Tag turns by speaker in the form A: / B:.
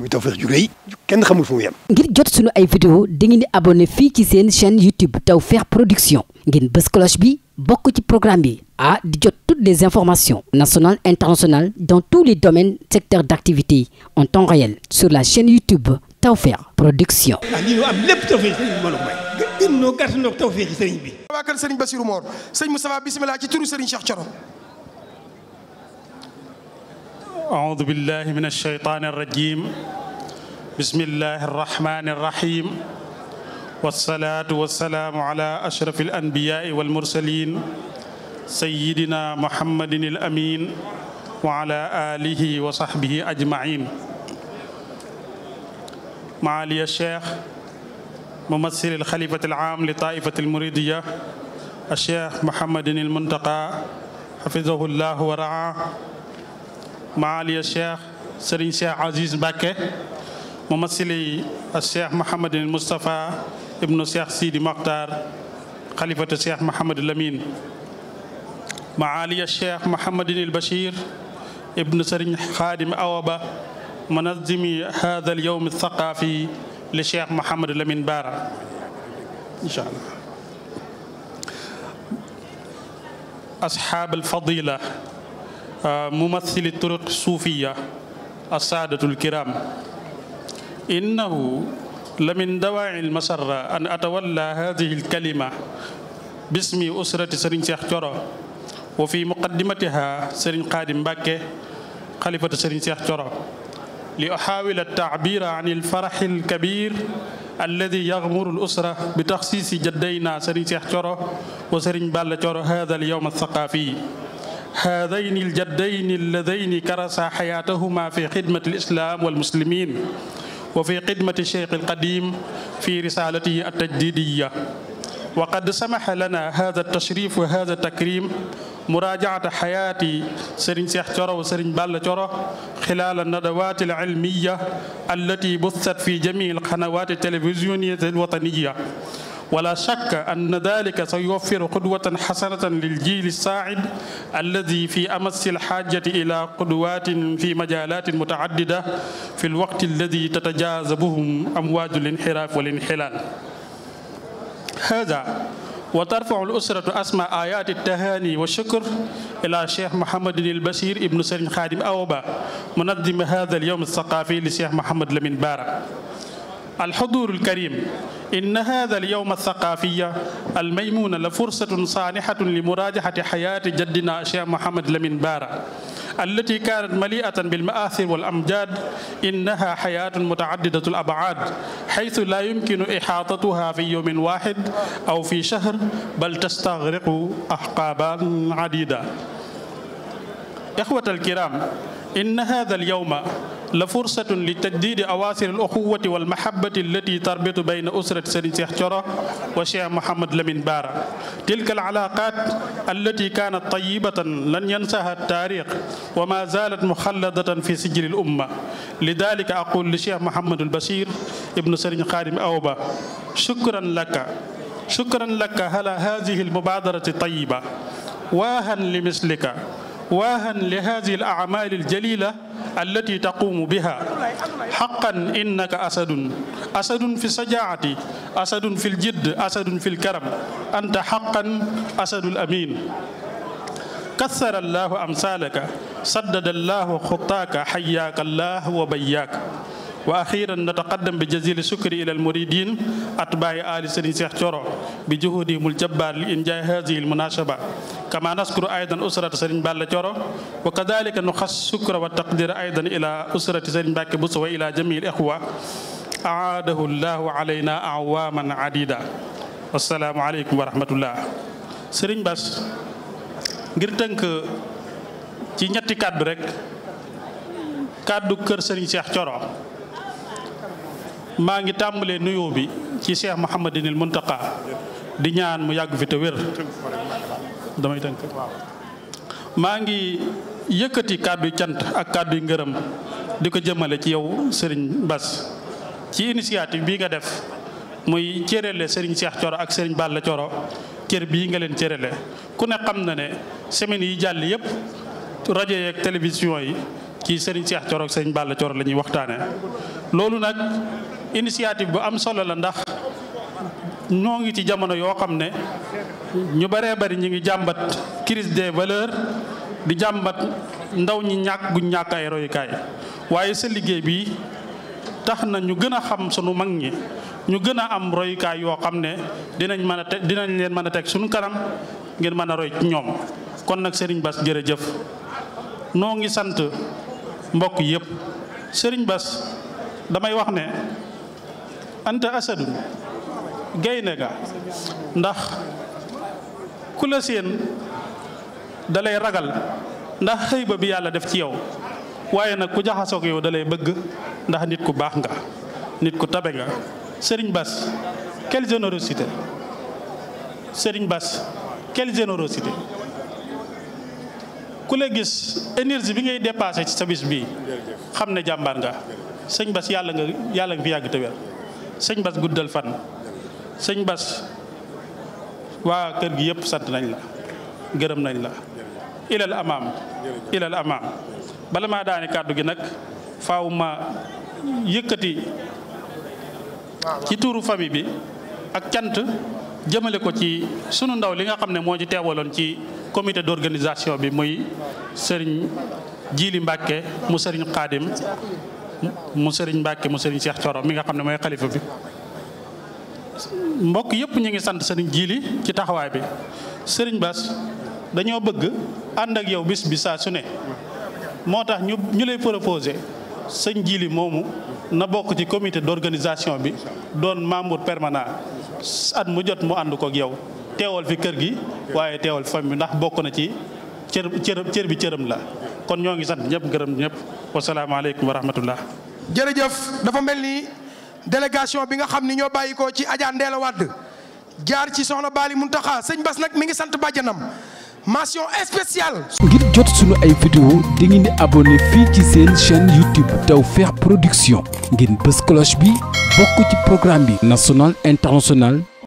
A: muy Tawfekh ju rëy kenn xamul fu mu yem. ngir jot sunu ay vidéo dangeen di abonné fii ci seen chaîne YouTube Tawfekh Production ngeen bës bi bokk ci programme bi ah di jot toutes les informations nationales internationales dans tous les domaines secteurs d'activité en temps réel sur la chaîne YouTube Tawfekh Production. ah lii am lépp Tawfekh sëriñ bi bi. waa kër sëriñ Bassirou Mor sëñ Moustapha bisimilah ci turu sëriñ Cheikh Thioro. أعوذ بالله من الشيطان الرجيم بسم الله الرحمن الرحيم والصلاة والسلام على أشرف الأنبياء والمرسلين سيدنا محمد الأمين وعلى آله وصحبه أجمعين معالي الشيخ ممثل الخليفة العام لطائفة المريدية الشيخ محمد المنتقى حفظه الله ورعاه maaliya cheikh sëriñ cheikh Aziz Mbacke mumasili cheikh Mouhamadul Moustapha ibnu cheikh Sidi Mokhtar xalifatu cheikh Mouhamadul Lamine maaliya cheikh Mouhamadul Bachir ibnu sëriñ Xaadim Awaba munazimi haadal yowmi thaqaafi li cheikh Mouhamadul Lamine Baara incha allah asxaab alfadila mumathili turuq suufiya assaadatul kiram innahu la min dawaa'i almasarra an atawalla hadihi alkalima bismi usrati sëriñ seex coro wa fi muqaddimatiha sëriñ xaadim mbàkke xalifatu sëriñ seex coro li uxaawil altaabira an alfaraxi alkabir alladi yaxmuru alusra bi taxsiisi jaddayna sëriñ seex coro wa sëriñ balla coro hada alyowm althaqaafi haadayni aljadayni alladayni karasa xayaatahuma fi xidmati alislaam walmuslimin wa fi xidmati cheikh alqadim fi risalatihi altajdidiya wa qad samaxa lana hada tashrif wa hada takrim muraajaata xayaati sëriñ Seex Coro wa sëriñ Balla Coro xilaal nadawaati alcilmiya allati busat fi jamii alqanawaati télévisionniyati alwataniya ولا شك أن ذلك سيوفر قدوة حسنة للجيل الساعد الذي في أمس الحاجة إلى قدوات في مجالات متعددة في الوقت الذي تتجاذبهم أمواج الانحراف والانحلال هذا وترفع الأسرة أسماء آيات التهاني والشكر إلى الشيخ محمد البشير ابن سليم خادم أوبا منظم هذا اليوم الثقافي للشيخ محمد لمن بارك الحضور الكريم إن هذا اليوم الثقافي الميمون لفرصة صانحة لمراجعة حياة جدنا الشيخ محمد لمن بارا التي كانت مليئة بالمآثر والأمجاد إنها حياة متعددة الأبعاد حيث لا يمكن إحاطتها في يوم واحد أو في شهر بل تستغرق أحقابا عديدة إخوة الكرام inna hada alyawma la fursatun li tajdidi awaasir al uxuwati wal mahabati allati tarbitu bayna usrati sëriñ Cheikh Thioro wa Cheikh Mouhamed Lamine Bara tilka al alaqat allati kaanat tayibatan lan yansaha taariq wa ma zalat muxalladatan fi sijil al umma lidalika aqul li Cheikh Mouhamed al Bachir ibnu sëriñ Xaadim Awba shukran laka shukran laka ala hadihi al mubadarati tayiba waahan li mislika waahan li hadihi al aamaali al jalila allati taquumu biha xaqan innaka asadun asadun fi sajaati asadun fi ljidd asadun fi lkaram anta xaqan asadu lamin kathara allahu amsalaka saddada allahu xutaaka xayaaka allah wa bayaaka wa axiran nataqaddam bi jazili shukri ila almuridin atbaa'i ali sëriñ Seex Coro bi juhudihimul jabbaar li injaay hadihi almunasaba kama naskuru aydan usrata sëriñ Balla Coro wa kadalika nu xas shukra wa taqdira aydan ila usrati sëriñ Mbàkke Buso wa ila jamii al-ixwa aadahu llahu alayna awaaman adida assalaamu aleykum wa rahmatullah sëriñ Bass ngir tënk ci ñetti kàddu rek kàddu kër sëriñ Seex Coro maa ngi tàmbalee nuyoo bi ci Cheikh Mouhamadinil Muntaqa di ñaan mu yàgg fi te wér damay tënk maa ngi yëkkati kàddu cant ak kàddu ngërëm di ko jëmmale ci yow sëriñ Bass ci initiative bii nga def muy cérele Serigne Cheikh Thioro ak Serigne Balla Thioro cër bii nga leen cérele ku ne xam na ne semaines yi jàll yëpp rajo yeeg télévision yi ci Serigne Cheikh Thioro ak Serigne Balla Thioro la ñuy waxtaane loolu nag initiative bu am solo la ndax ñoo ngi ci jamono yoo xam ne ñu baree bari ñu ngi jàmbat crise des valeurs di jàmbat ndaw ñi ñàkk guñ ñàkk ay royukaay waaye sa liggéey bi tax na ñu gën a xam sunu mag ñi ñu gën a am royukaay yoo xam ne dinañ mën a teg dinañ leen mën a teg suñu kanam ngeen mën a roy ñoom kon nag Serigne Bass jërëjëf noo ngi sant mbokk yëpp Serigne Bass damay wax ne anta asadun gaynde ga ndax ku la seen dalay ragal ndax xëyba bi yàlla def ci yow waaye nag ku jaxasoog yow dalay bëgg ndax nit ku baax nga nit ku tabe nga Serigne Bass quelle générosité Serigne Bass quelle générosité ku la gis énergie bi ngay dépassé ci sa bi xam ne jàmbaar nga sëñ Bass yàlla nga yàlla nga fi yàgg te wér sëñ Bas guddal fan sëñ Bas waa kër gi yëpp sant nañ la gërëm nañ la ilal amaam bala maa daane kàddu gi nag fawma ma yëkkati ci tuuru famille bi ak cant jëmale ko ci sunu ndaw li nga xam ne moo ci teewaloon ci comité d'organisation bi muy sëriñ Jiili Mbàkke mu sëriñ Xaadim mu sëriñ Mbàkke mu sëriñ Cheikh Thioro mi nga xam ne mooy xalifa bi mbokk yëpp ñu ngi sant sëriñ jiili ci taxawaay bi sëriñ Bass dañoo bëgg ànd ak yow bis bi saa su ne moo tax ñu ñu lay proposé sëñ Jili moomu na bokk ci comité d'organisation bi doon membre permanant at mu jot mu ànd kook yow teewal fi kër gi waaye teewal fam bi ndax bokk na ci cër cër bi cëram la kon ñoo ngi sant ñëpp gërëm ñëpp wasalaamaaleykum wa rahmatullah jërëjëf dafa mel ni délégation bi nga xam ni ñoo bàyyi ko ci Adja Ndella Wade jaar ci soxna Bali Muntaxa sëñ Bas nag mi ngi sant bàjjanam mention spéciale. ngir jot suñu ay vidéo di ngeen di abonné fii ci seen chaîne YouTube Tawfekh Production ngeen bës cloche bi bokk ci programme bi national international